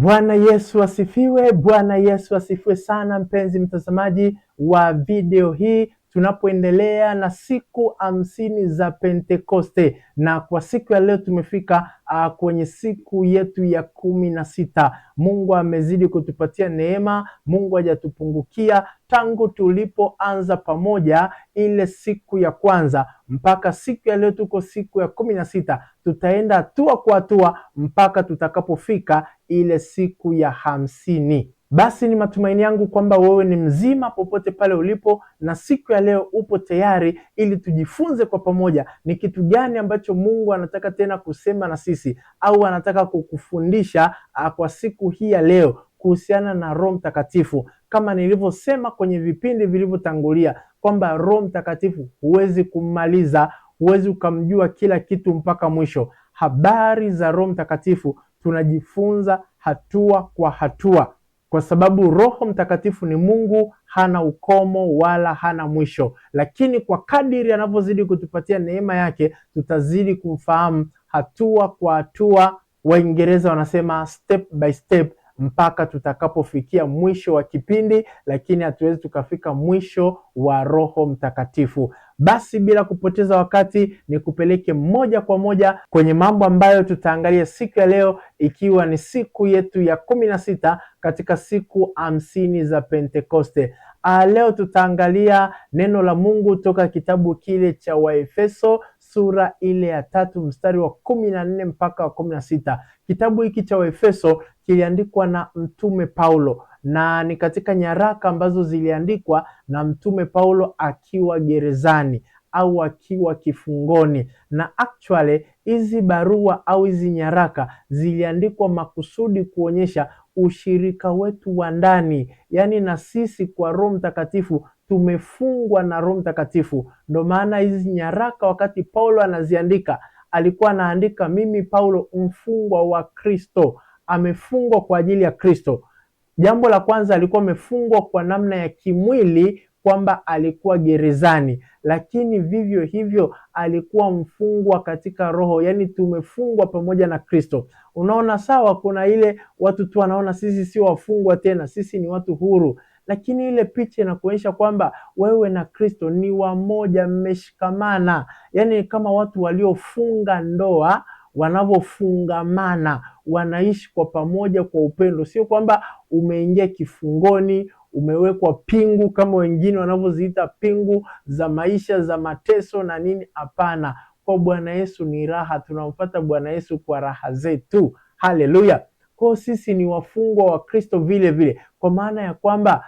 Bwana Yesu asifiwe. Bwana Yesu asifiwe sana, mpenzi mtazamaji wa video hii tunapoendelea na siku hamsini za Pentekoste, na kwa siku ya leo tumefika uh, kwenye siku yetu ya kumi na sita. Mungu amezidi kutupatia neema, Mungu hajatupungukia tangu tulipoanza pamoja ile siku ya kwanza mpaka siku ya leo, tuko siku ya kumi na sita. Tutaenda hatua kwa hatua mpaka tutakapofika ile siku ya hamsini. Basi ni matumaini yangu kwamba wewe ni mzima popote pale ulipo, na siku ya leo upo tayari ili tujifunze kwa pamoja ni kitu gani ambacho Mungu anataka tena kusema na sisi au anataka kukufundisha ah, kwa siku hii ya leo kuhusiana na Roho Mtakatifu. Kama nilivyosema kwenye vipindi vilivyotangulia kwamba Roho Mtakatifu huwezi kummaliza, huwezi ukamjua kila kitu mpaka mwisho. Habari za Roho Mtakatifu tunajifunza hatua kwa hatua kwa sababu Roho Mtakatifu ni Mungu, hana ukomo wala hana mwisho. Lakini kwa kadiri anavyozidi kutupatia neema yake, tutazidi kumfahamu hatua kwa hatua. Waingereza wanasema step by step, mpaka tutakapofikia mwisho wa kipindi, lakini hatuwezi tukafika mwisho wa Roho Mtakatifu. Basi bila kupoteza wakati, ni kupeleke moja kwa moja kwenye mambo ambayo tutaangalia siku ya leo, ikiwa ni siku yetu ya kumi na sita katika siku hamsini za Pentekoste. A, ah, leo tutaangalia neno la Mungu toka kitabu kile cha Waefeso sura ile ya tatu mstari wa kumi na nne mpaka wa kumi na sita. Kitabu hiki cha Waefeso kiliandikwa na Mtume Paulo na ni katika nyaraka ambazo ziliandikwa na Mtume Paulo akiwa gerezani au akiwa kifungoni. Na actually hizi barua au hizi nyaraka ziliandikwa makusudi kuonyesha ushirika wetu wa ndani, yaani na sisi kwa Roho Mtakatifu tumefungwa na Roho Mtakatifu. Ndo maana hizi nyaraka wakati Paulo anaziandika alikuwa anaandika, mimi Paulo mfungwa wa Kristo amefungwa kwa ajili ya Kristo. Jambo la kwanza, alikuwa amefungwa kwa namna ya kimwili kwamba alikuwa gerezani, lakini vivyo hivyo alikuwa mfungwa katika roho, yaani tumefungwa pamoja na Kristo. Unaona, sawa, kuna ile watu tu wanaona sisi sio wafungwa tena, sisi ni watu huru, lakini ile picha inakuonyesha kwamba wewe na Kristo ni wamoja, mmeshikamana, yaani kama watu waliofunga ndoa wanavyofungamana wanaishi kwa pamoja kwa upendo, sio kwamba umeingia kifungoni umewekwa pingu kama wengine wanavyoziita pingu za maisha za mateso na nini. Hapana, kwa Bwana Yesu ni raha, tunampata Bwana Yesu kwa raha zetu. Haleluya! Kwa sisi ni wafungwa wa Kristo vile vile, kwa maana ya kwamba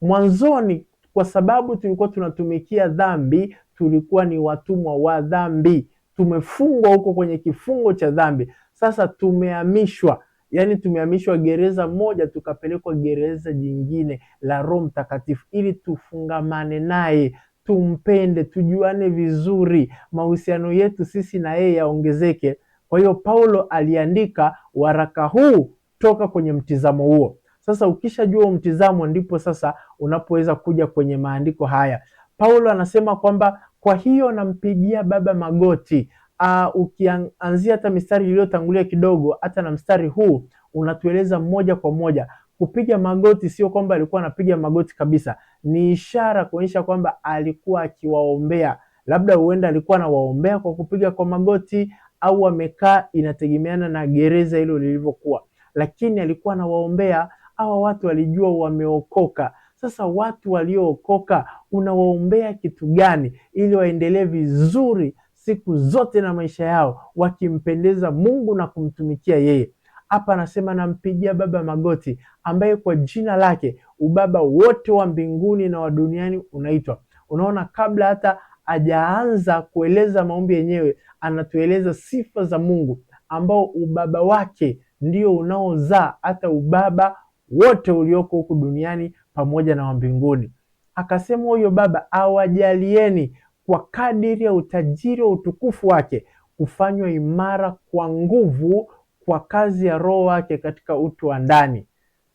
mwanzoni, kwa sababu tulikuwa tunatumikia dhambi, tulikuwa ni watumwa wa dhambi, tumefungwa huko kwenye kifungo cha dhambi, sasa tumehamishwa yaani tumehamishwa gereza moja tukapelekwa gereza jingine la Roho Mtakatifu ili tufungamane naye, tumpende, tujuane vizuri, mahusiano yetu sisi na yeye yaongezeke. Kwa hiyo Paulo aliandika waraka huu toka kwenye mtizamo huo. Sasa ukishajua mtizamo, ndipo sasa unapoweza kuja kwenye maandiko haya. Paulo anasema kwamba kwa hiyo nampigia Baba magoti uh, ukianzia hata mistari iliyotangulia kidogo, hata na mstari huu unatueleza moja kwa moja kupiga magoti. Sio kwamba alikuwa anapiga magoti kabisa, ni ishara kuonyesha kwamba alikuwa akiwaombea, labda huenda alikuwa anawaombea kwa kupiga kwa magoti au amekaa inategemeana na gereza hilo lilivyokuwa, lakini alikuwa anawaombea hawa watu. Walijua wameokoka. Sasa watu waliookoka unawaombea kitu gani ili waendelee vizuri siku zote na maisha yao wakimpendeza Mungu na kumtumikia yeye. Hapa anasema nampigia Baba magoti, ambaye kwa jina lake ubaba wote wa mbinguni na wa duniani unaitwa. Unaona, kabla hata hajaanza kueleza maombi yenyewe, anatueleza sifa za Mungu ambao ubaba wake ndio unaozaa hata ubaba wote ulioko huku duniani pamoja na wa mbinguni. Akasema huyo baba awajalieni kwa kadiri ya utajiri wa utukufu wake kufanywa imara kwa nguvu kwa kazi ya Roho wake katika utu wa ndani.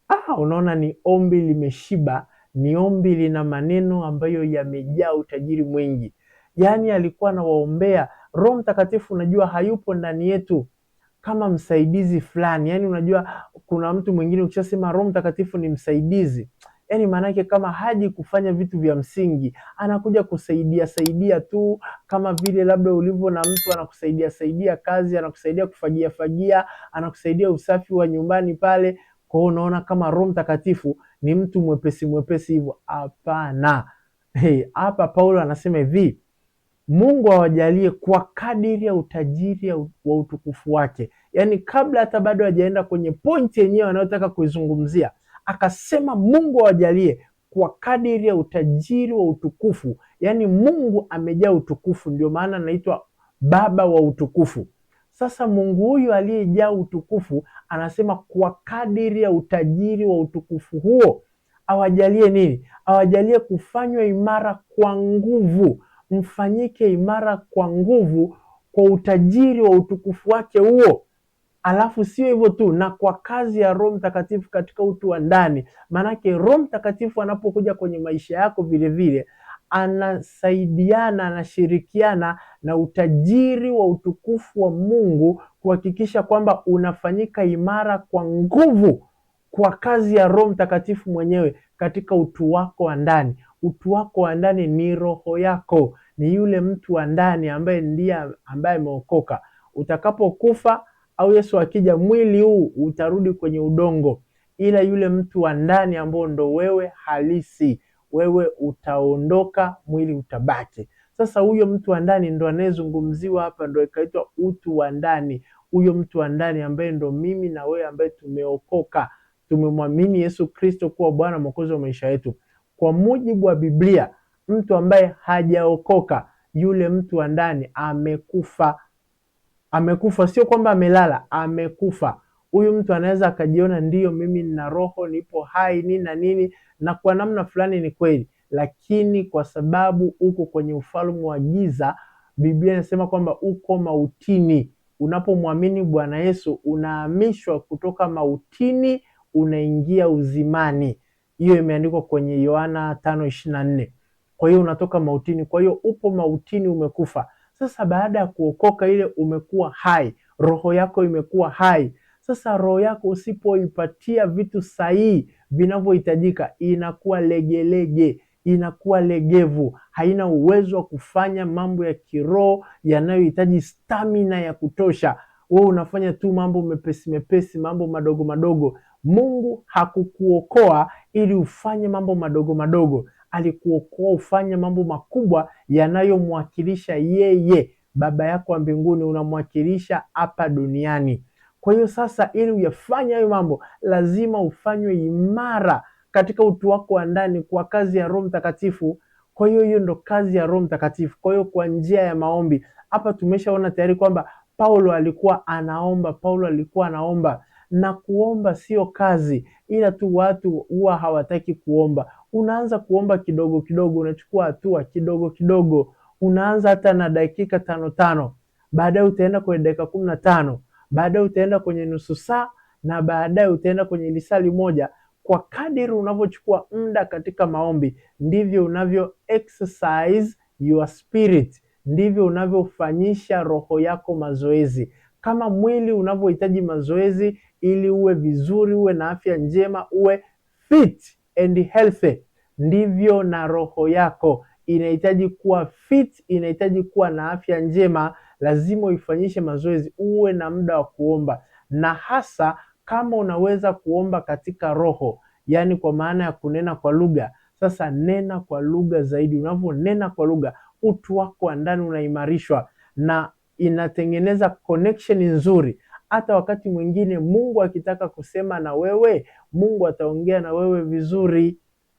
Ah, unaona ni ombi limeshiba, ni ombi lina maneno ambayo yamejaa utajiri mwingi. Yaani alikuwa anawaombea. Roho Mtakatifu unajua hayupo ndani yetu kama msaidizi fulani. Yaani unajua kuna mtu mwingine ukishasema Roho Mtakatifu ni msaidizi yani maanake kama haji kufanya vitu vya msingi, anakuja kusaidia saidia tu, kama vile labda ulivyo na mtu anakusaidia saidia kazi, anakusaidia kufagia fagia, anakusaidia usafi wa nyumbani pale. Kwa hiyo unaona kama Roho Mtakatifu ni mtu mwepesi mwepesi hivyo? Hapana. Hapa hey, Paulo anasema hivi Mungu awajalie kwa kadiri ya utajiri wa utukufu wake. Yaani kabla hata bado hajaenda kwenye pointi yenyewe anayotaka kuizungumzia akasema Mungu awajalie kwa kadiri ya utajiri wa utukufu. Yaani Mungu amejaa utukufu, ndio maana anaitwa Baba wa utukufu. Sasa Mungu huyu aliyejaa utukufu anasema kwa kadiri ya utajiri wa utukufu huo awajalie nini? Awajalie kufanywa imara kwa nguvu, mfanyike imara kwa nguvu, kwa utajiri wa utukufu wake huo. Alafu sio hivyo tu, na kwa kazi ya Roho Mtakatifu katika utu wa ndani. Maanake Roho Mtakatifu anapokuja kwenye maisha yako vilevile anasaidiana, anashirikiana na utajiri wa utukufu wa Mungu kuhakikisha kwamba unafanyika imara kwa nguvu kwa kazi ya Roho Mtakatifu mwenyewe katika utu wako wa ndani. Utu wako wa ndani ni roho yako, ni yule mtu wa ndani ambaye ndiye ambaye ameokoka. Utakapokufa au Yesu akija, mwili huu utarudi kwenye udongo, ila yule mtu wa ndani ambao ndo wewe halisi, wewe utaondoka, mwili utabaki. Sasa huyo mtu wa ndani ndo anayezungumziwa hapa, ndo ikaitwa utu wa ndani. Huyo mtu wa ndani ambaye ndo mimi na wewe, ambaye tumeokoka, tumemwamini Yesu Kristo kuwa Bwana Mwokozi wa maisha yetu. Kwa mujibu wa Biblia, mtu ambaye hajaokoka, yule mtu wa ndani amekufa amekufa, sio kwamba amelala, amekufa. Huyu mtu anaweza akajiona ndiyo, mimi nina roho, nipo hai, nini na nini, na kwa namna fulani ni kweli, lakini kwa sababu uko kwenye ufalme wa giza, Biblia inasema kwamba uko mautini. Unapomwamini Bwana Yesu unahamishwa kutoka mautini unaingia uzimani. Hiyo imeandikwa kwenye Yohana tano na nne. Kwa hiyo unatoka mautini, kwa hiyo upo mautini, umekufa. Sasa baada ya kuokoka, ile umekuwa hai, roho yako imekuwa hai. Sasa roho yako usipoipatia vitu sahihi vinavyohitajika, inakuwa legelege, inakuwa legevu, haina uwezo wa kufanya mambo ya kiroho yanayohitaji stamina ya kutosha. Wewe unafanya tu mambo mepesi mepesi, mambo madogo madogo. Mungu hakukuokoa ili ufanye mambo madogo madogo alikuokoa ufanye mambo makubwa yanayomwakilisha yeye Baba yako wa mbinguni, unamwakilisha hapa duniani. Kwa hiyo sasa, ili uyafanye hayo mambo, lazima ufanywe imara katika utu wako wa ndani kwa kazi ya Roho Mtakatifu. Kwa hiyo hiyo ndo kazi ya Roho Mtakatifu. Kwa hiyo kwa njia ya maombi, hapa tumeshaona tayari kwamba Paulo alikuwa anaomba, Paulo alikuwa anaomba na kuomba sio kazi, ila tu watu huwa hawataki kuomba unaanza kuomba kidogo kidogo, unachukua hatua kidogo kidogo, unaanza hata na dakika tano tano, baadaye utaenda kwenye dakika kumi na tano, baadaye utaenda kwenye nusu saa na baadaye utaenda kwenye lisali moja. Kwa kadiri unavyochukua muda katika maombi, ndivyo unavyo exercise your spirit, ndivyo unavyofanyisha roho yako mazoezi. Kama mwili unavyohitaji mazoezi ili uwe vizuri, uwe na afya njema, uwe fit and healthy, ndivyo na roho yako inahitaji kuwa fit, inahitaji kuwa na afya njema. Lazima uifanyishe mazoezi, uwe na muda wa kuomba, na hasa kama unaweza kuomba katika roho, yaani kwa maana ya kunena kwa lugha. Sasa nena kwa lugha zaidi. Unavyonena kwa lugha, utu wako wa ndani unaimarishwa na inatengeneza connection nzuri. Hata wakati mwingine Mungu akitaka kusema na wewe, Mungu ataongea na wewe vizuri.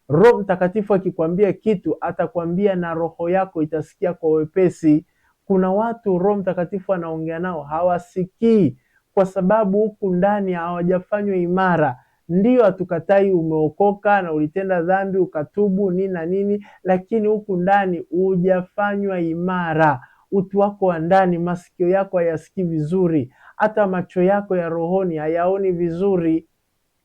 Roho Mtakatifu akikwambia kitu atakwambia na roho yako itasikia kwa wepesi. Kuna watu Roho Mtakatifu anaongea nao hawasikii, kwa sababu huku ndani hawajafanywa imara. ndio hatukatai umeokoka na ulitenda dhambi ukatubu nini na nini, lakini huku ndani hujafanywa imara. Utu wako wa ndani, masikio yako hayasikii vizuri, hata macho yako ya rohoni hayaoni vizuri.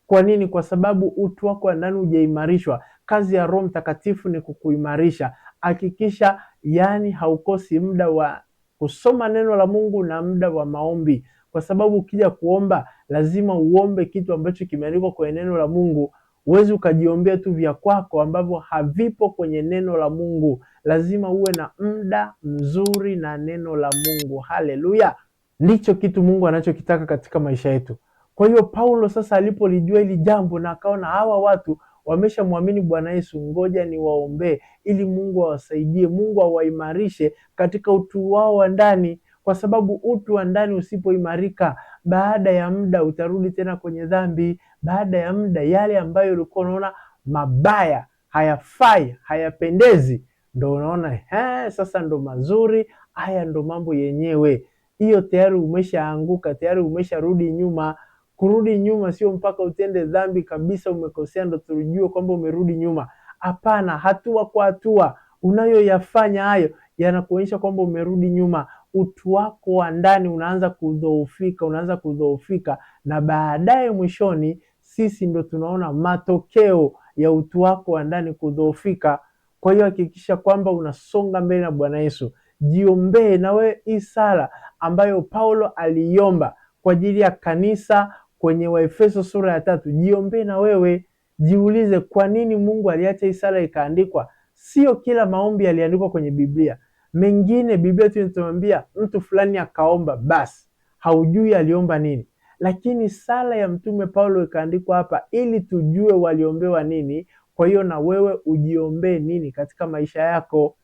Kwa nini? Kwa sababu utu wako wa ndani hujaimarishwa. Kazi ya Roho Mtakatifu ni kukuimarisha. Hakikisha yani haukosi muda wa kusoma neno la Mungu na muda wa maombi, kwa sababu ukija kuomba lazima uombe kitu ambacho kimeandikwa kwenye neno la Mungu. Huwezi ukajiombea tu vya kwako ambavyo havipo kwenye neno la Mungu. Lazima uwe na muda mzuri na neno la Mungu. Haleluya! Ndicho kitu Mungu anachokitaka katika maisha yetu. Kwa hiyo Paulo sasa alipolijua hili jambo na akaona hawa watu wameshamwamini Bwana Yesu, ngoja niwaombee ili Mungu awasaidie, Mungu awaimarishe katika utu wao wa ndani, kwa sababu utu wa ndani usipoimarika, baada ya muda utarudi tena kwenye dhambi. Baada ya muda, yale ambayo ulikuwa unaona mabaya, hayafai, hayapendezi, ndo unaona eh, sasa ndo mazuri, haya ndo mambo yenyewe. Hiyo tayari umeshaanguka, tayari umesharudi nyuma. Kurudi nyuma sio mpaka utende dhambi kabisa, umekosea ndo tujue kwamba umerudi nyuma. Hapana, hatua kwa hatua unayoyafanya hayo yanakuonyesha kwamba umerudi nyuma. Utu wako wa ndani unaanza kudhoofika, unaanza kudhoofika, na baadaye mwishoni, sisi ndo tunaona matokeo ya utu wako wa ndani kudhoofika. Kwa hiyo hakikisha kwamba unasonga mbele na Bwana Yesu, jiombee na wewe hii sala ambayo Paulo aliiomba kwa ajili ya kanisa, kwenye Waefeso sura ya tatu. Jiombee na wewe, jiulize kwa nini Mungu aliacha hii sala ikaandikwa. Sio kila maombi yaliandikwa kwenye Biblia. Mengine Biblia tu inatuambia mtu fulani akaomba, basi haujui aliomba nini, lakini sala ya mtume Paulo ikaandikwa hapa ili tujue waliombewa nini. Kwa hiyo na wewe ujiombee nini katika maisha yako.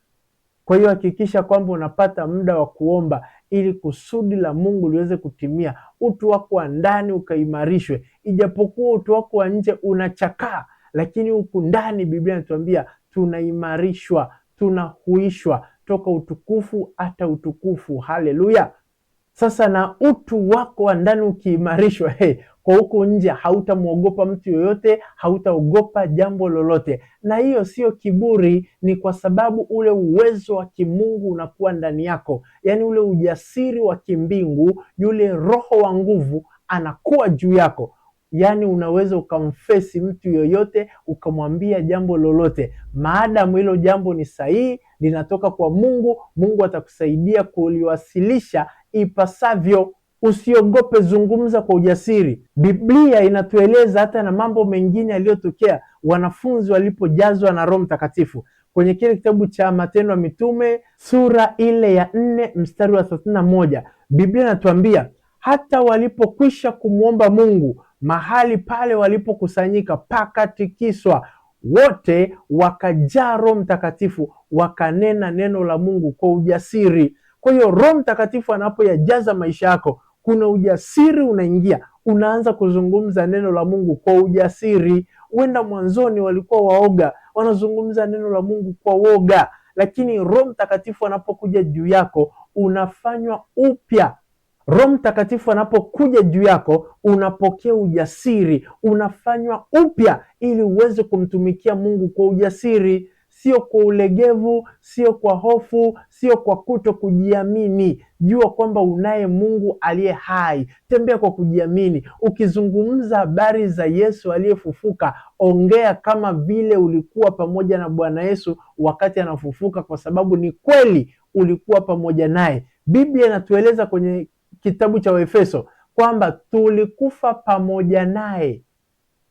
Kwa hiyo hakikisha kwamba unapata muda wa kuomba ili kusudi la Mungu liweze kutimia, utu wako wa ndani ukaimarishwe. Ijapokuwa utu wako wa nje unachakaa, lakini huku ndani Biblia inatuambia tunaimarishwa, tunahuishwa toka utukufu hata utukufu. Haleluya! Sasa na utu wako wa ndani ukiimarishwa, hey, kwa huko nje, hautamwogopa mtu yoyote, hautaogopa jambo lolote. Na hiyo sio kiburi, ni kwa sababu ule uwezo wa kimungu unakuwa ndani yako, yaani ule ujasiri wa kimbingu, yule roho wa nguvu anakuwa juu yako. Yaani unaweza ukamfesi mtu yoyote ukamwambia jambo lolote, maadamu hilo jambo ni sahihi, linatoka kwa Mungu. Mungu atakusaidia kuliwasilisha ipasavyo. Usiogope, zungumza kwa ujasiri. Biblia inatueleza hata na mambo mengine yaliyotokea wanafunzi walipojazwa na Roho Mtakatifu kwenye kile kitabu cha Matendo ya Mitume sura ile ya nne mstari wa thelathini na moja Biblia inatuambia hata walipokwisha kumwomba Mungu, mahali pale walipokusanyika pakatikiswa, wote wakajaa Roho Mtakatifu, wakanena neno la Mungu kwa ujasiri. Kwa hiyo Roho Mtakatifu anapoyajaza maisha yako, kuna ujasiri unaingia, unaanza kuzungumza neno la Mungu kwa ujasiri. Huenda mwanzoni walikuwa waoga, wanazungumza neno la Mungu kwa woga, lakini Roho Mtakatifu anapokuja juu yako unafanywa upya. Roho Mtakatifu anapokuja juu yako unapokea ujasiri, unafanywa upya ili uweze kumtumikia Mungu kwa ujasiri sio kwa ulegevu, sio kwa hofu, sio kwa kuto kujiamini. Jua kwamba unaye Mungu aliye hai, tembea kwa kujiamini. Ukizungumza habari za Yesu aliyefufuka, ongea kama vile ulikuwa pamoja na Bwana Yesu wakati anafufuka, kwa sababu ni kweli ulikuwa pamoja naye. Biblia inatueleza kwenye kitabu cha Waefeso kwamba tulikufa pamoja naye,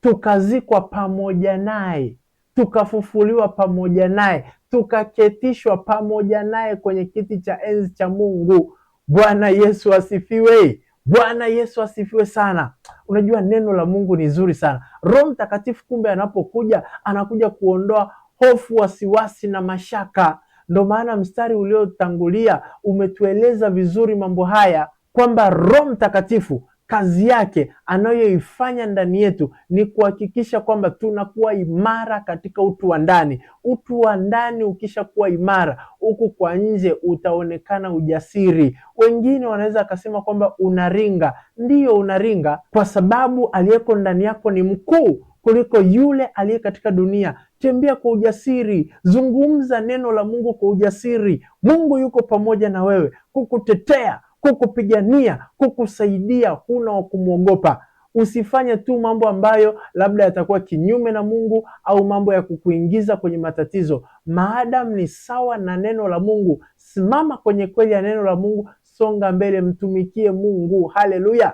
tukazikwa pamoja naye tukafufuliwa pamoja naye, tukaketishwa pamoja naye kwenye kiti cha enzi cha Mungu. Bwana Yesu asifiwe! Bwana Yesu asifiwe sana. Unajua, neno la Mungu ni zuri sana. Roho Mtakatifu kumbe anapokuja anakuja kuondoa hofu, wasiwasi na mashaka. Ndo maana mstari uliotangulia umetueleza vizuri mambo haya kwamba Roho Mtakatifu kazi yake anayoifanya ndani yetu ni kuhakikisha kwamba tunakuwa imara katika utu wa ndani. Utu wa ndani ukishakuwa imara, huku kwa nje utaonekana ujasiri. Wengine wanaweza akasema kwamba unaringa. Ndiyo, unaringa kwa sababu aliyeko ndani yako ni mkuu kuliko yule aliye katika dunia. Tembea kwa ujasiri, zungumza neno la Mungu kwa ujasiri. Mungu yuko pamoja na wewe kukutetea kukupigania, kukusaidia, huna wa kumwogopa. Usifanye tu mambo ambayo labda yatakuwa kinyume na Mungu au mambo ya kukuingiza kwenye matatizo, maadamu ni sawa na neno la Mungu. Simama kwenye kweli ya neno la Mungu, songa mbele, mtumikie Mungu. Haleluya!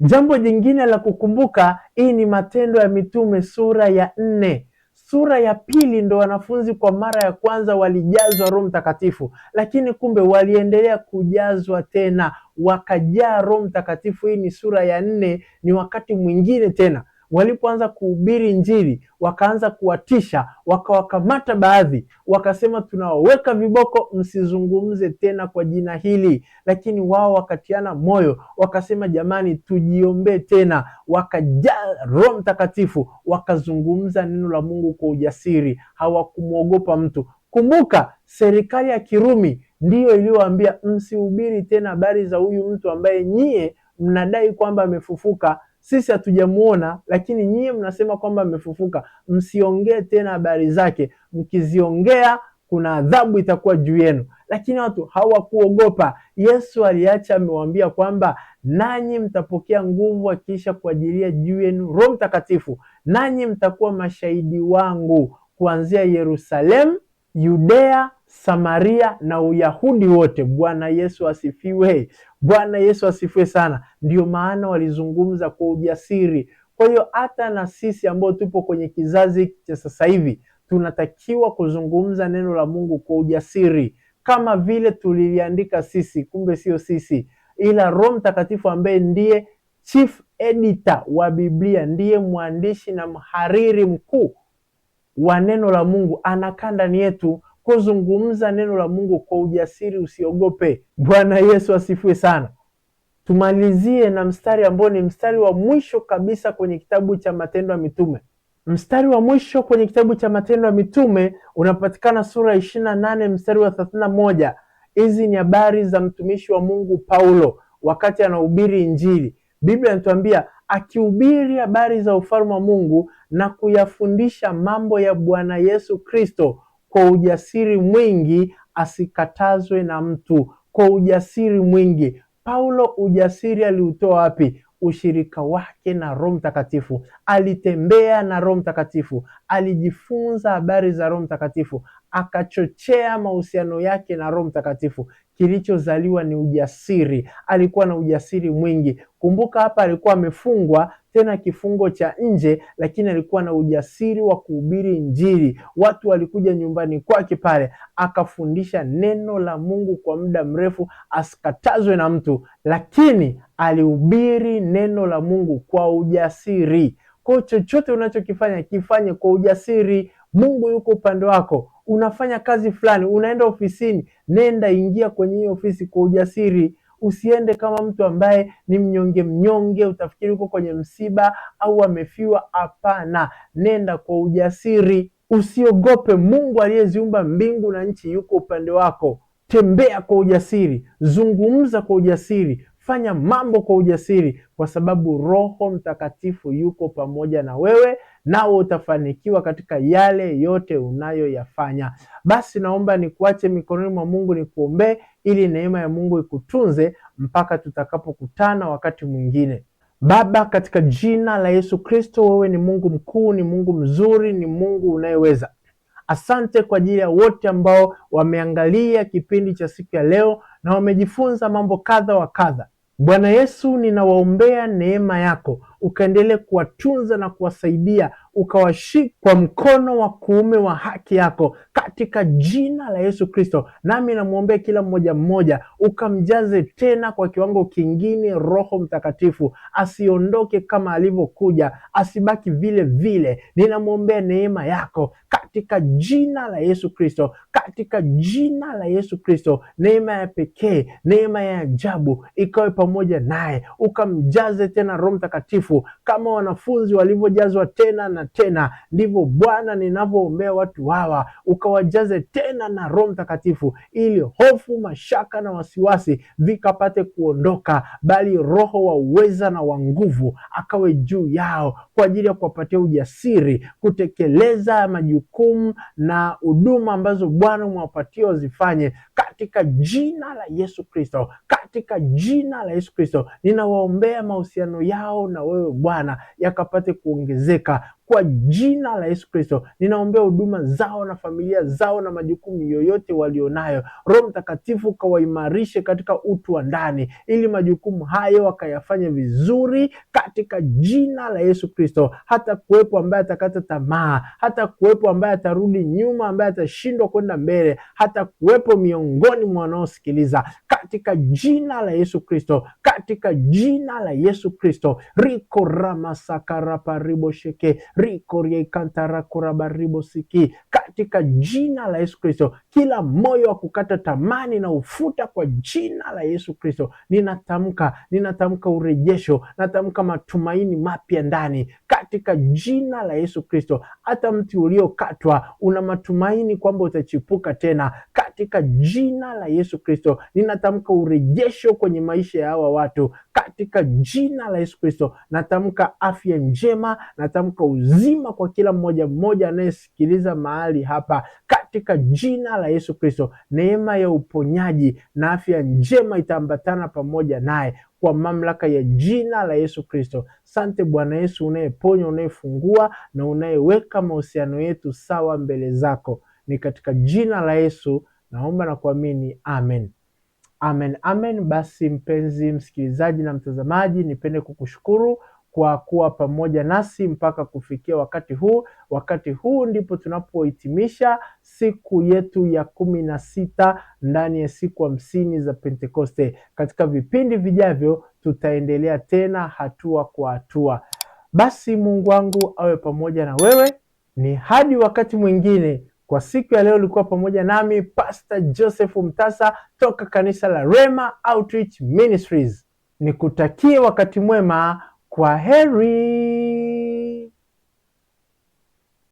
Jambo jingine la kukumbuka, hii ni Matendo ya Mitume sura ya nne Sura ya pili ndo wanafunzi kwa mara ya kwanza walijazwa Roho Mtakatifu, lakini kumbe waliendelea kujazwa tena, wakajaa Roho Mtakatifu. Hii ni sura ya nne, ni wakati mwingine tena walipoanza kuhubiri Injili wakaanza kuwatisha, wakawakamata baadhi, wakasema tunawaweka viboko, msizungumze tena kwa jina hili. Lakini wao wakatiana moyo, wakasema jamani, tujiombee tena. Wakajaa Roho Mtakatifu, wakazungumza neno la Mungu kwa ujasiri, hawakumwogopa mtu. Kumbuka, serikali ya Kirumi ndiyo iliyowaambia msihubiri tena habari za huyu mtu ambaye nyie mnadai kwamba amefufuka sisi hatujamuona, lakini nyie mnasema kwamba amefufuka. Msiongee tena habari zake, mkiziongea kuna adhabu itakuwa juu yenu. Lakini watu hawakuogopa. Yesu aliacha amewaambia kwamba nanyi mtapokea nguvu akiisha kuajilia juu yenu Roho Mtakatifu, nanyi mtakuwa mashahidi wangu kuanzia Yerusalemu, Yudea, Samaria na Uyahudi wote. Bwana Yesu asifiwe. Bwana Yesu asifiwe sana. Ndio maana walizungumza kwa ujasiri. Kwa hiyo hata na sisi ambao tupo kwenye kizazi cha sasa hivi tunatakiwa kuzungumza neno la Mungu kwa ujasiri kama vile tuliliandika sisi, kumbe sio sisi, ila Roho Mtakatifu ambaye ndiye chief editor wa Biblia, ndiye mwandishi na mhariri mkuu wa neno la Mungu anakaa ndani yetu. Unapozungumza neno la Mungu kwa ujasiri, usiogope. Bwana Yesu asifiwe sana. Tumalizie na mstari ambao ni mstari wa mwisho kabisa kwenye kitabu cha Matendo ya Mitume. Mstari wa mwisho kwenye kitabu cha Matendo ya Mitume unapatikana sura ishirini na nane mstari wa thelathini na moja. Hizi ni habari za mtumishi wa Mungu Paulo wakati anahubiri Injili. Biblia inatuambia akihubiri habari za ufalme wa Mungu na kuyafundisha mambo ya Bwana Yesu Kristo, kwa ujasiri mwingi, asikatazwe na mtu, kwa ujasiri mwingi. Paulo ujasiri aliutoa wapi? Ushirika wake na Roho Mtakatifu. Alitembea na Roho Mtakatifu, alijifunza habari za Roho Mtakatifu, akachochea mahusiano yake na Roho Mtakatifu. Kilichozaliwa ni ujasiri. Alikuwa na ujasiri mwingi. Kumbuka hapa alikuwa amefungwa, tena kifungo cha nje, lakini alikuwa na ujasiri wa kuhubiri Injili. Watu walikuja nyumbani kwake pale, akafundisha neno la Mungu kwa muda mrefu, asikatazwe na mtu, lakini alihubiri neno la Mungu kwa ujasiri. Kwa chochote unachokifanya kifanye kwa ujasiri. Mungu yuko upande wako. Unafanya kazi fulani, unaenda ofisini, nenda ingia kwenye hiyo ofisi kwa ujasiri. Usiende kama mtu ambaye ni mnyonge mnyonge, utafikiri uko kwenye msiba au amefiwa. Hapana, nenda kwa ujasiri, usiogope. Mungu aliyeziumba mbingu na nchi yuko upande wako. Tembea kwa ujasiri, zungumza kwa ujasiri, fanya mambo kwa ujasiri, kwa sababu Roho Mtakatifu yuko pamoja na wewe, nawe utafanikiwa katika yale yote unayoyafanya. Basi naomba nikuache mikononi mwa Mungu, nikuombee ili neema ya Mungu ikutunze mpaka tutakapokutana wakati mwingine. Baba, katika jina la Yesu Kristo, wewe ni Mungu mkuu, ni Mungu mzuri, ni Mungu unayeweza. Asante kwa ajili ya wote ambao wameangalia kipindi cha siku ya leo na wamejifunza mambo kadha wa kadha. Bwana Yesu, ninawaombea neema yako ukaendelee kuwatunza na kuwasaidia ukawashikwa mkono wa kuume wa haki yako katika jina la Yesu Kristo. Nami namwombea kila mmoja mmoja, ukamjaze tena kwa kiwango kingine Roho Mtakatifu, asiondoke kama alivyokuja, asibaki vile vile. Ninamwombea neema yako katika jina la Yesu Kristo, katika jina la Yesu Kristo, neema ya pekee, neema ya ajabu ikawe pamoja naye, ukamjaze tena Roho Mtakatifu kama wanafunzi walivyojazwa tena na na tena. Ndivyo Bwana ninavyoombea watu hawa, ukawajaze tena na Roho Mtakatifu ili hofu, mashaka na wasiwasi vikapate kuondoka, bali Roho wa uweza na wa nguvu akawe juu yao kwa ajili ya kuwapatia ujasiri kutekeleza majukumu na huduma ambazo Bwana umewapatia wazifanye katika jina la Yesu Kristo. Katika jina la Yesu Kristo ninawaombea mahusiano yao na wewe Bwana yakapate kuongezeka kwa jina la Yesu Kristo ninaombea huduma zao na familia zao na majukumu yoyote walionayo. Roho Mtakatifu kawaimarishe katika utu wa ndani, ili majukumu hayo wakayafanye vizuri katika jina la Yesu Kristo. Hata kuwepo ambaye atakata tamaa, hata kuwepo ambaye atarudi nyuma, ambaye atashindwa kwenda mbele, hata kuwepo miongoni mwa wanaosikiliza katika jina la Yesu Kristo, katika jina la Yesu Kristo. riko paribosheke siki katika jina la Yesu Kristo, kila moyo wa kukata tamani na ufuta kwa jina la Yesu Kristo. Ninatamka, ninatamka urejesho, natamka matumaini mapya ndani katika jina la Yesu Kristo. Hata mti uliokatwa una matumaini kwamba utachipuka tena katika jina la Yesu Kristo. Ninatamka urejesho kwenye maisha ya hawa watu katika jina la Yesu Kristo. Natamka afya njema, natamka uzima kwa kila mmoja mmoja anayesikiliza mahali hapa katika jina la Yesu Kristo. Neema ya uponyaji na afya njema itaambatana pamoja naye kwa mamlaka ya jina la Yesu Kristo. Sante Bwana Yesu, unayeponya, unayefungua na unayeweka mahusiano yetu sawa mbele zako, ni katika jina la Yesu naomba na kuamini, amen. Amen, amen. Basi mpenzi msikilizaji na mtazamaji, nipende kukushukuru kwa kuwa pamoja nasi mpaka kufikia wakati huu. Wakati huu ndipo tunapohitimisha siku yetu ya kumi na sita ndani ya siku hamsini za Pentekoste. Katika vipindi vijavyo, tutaendelea tena hatua kwa hatua. Basi Mungu wangu awe pamoja na wewe. Ni hadi wakati mwingine. Kwa siku ya leo ulikuwa pamoja nami Pastor Joseph Mtasa toka kanisa la Rema Outreach Ministries. Nikutakie wakati mwema. Kwa heri.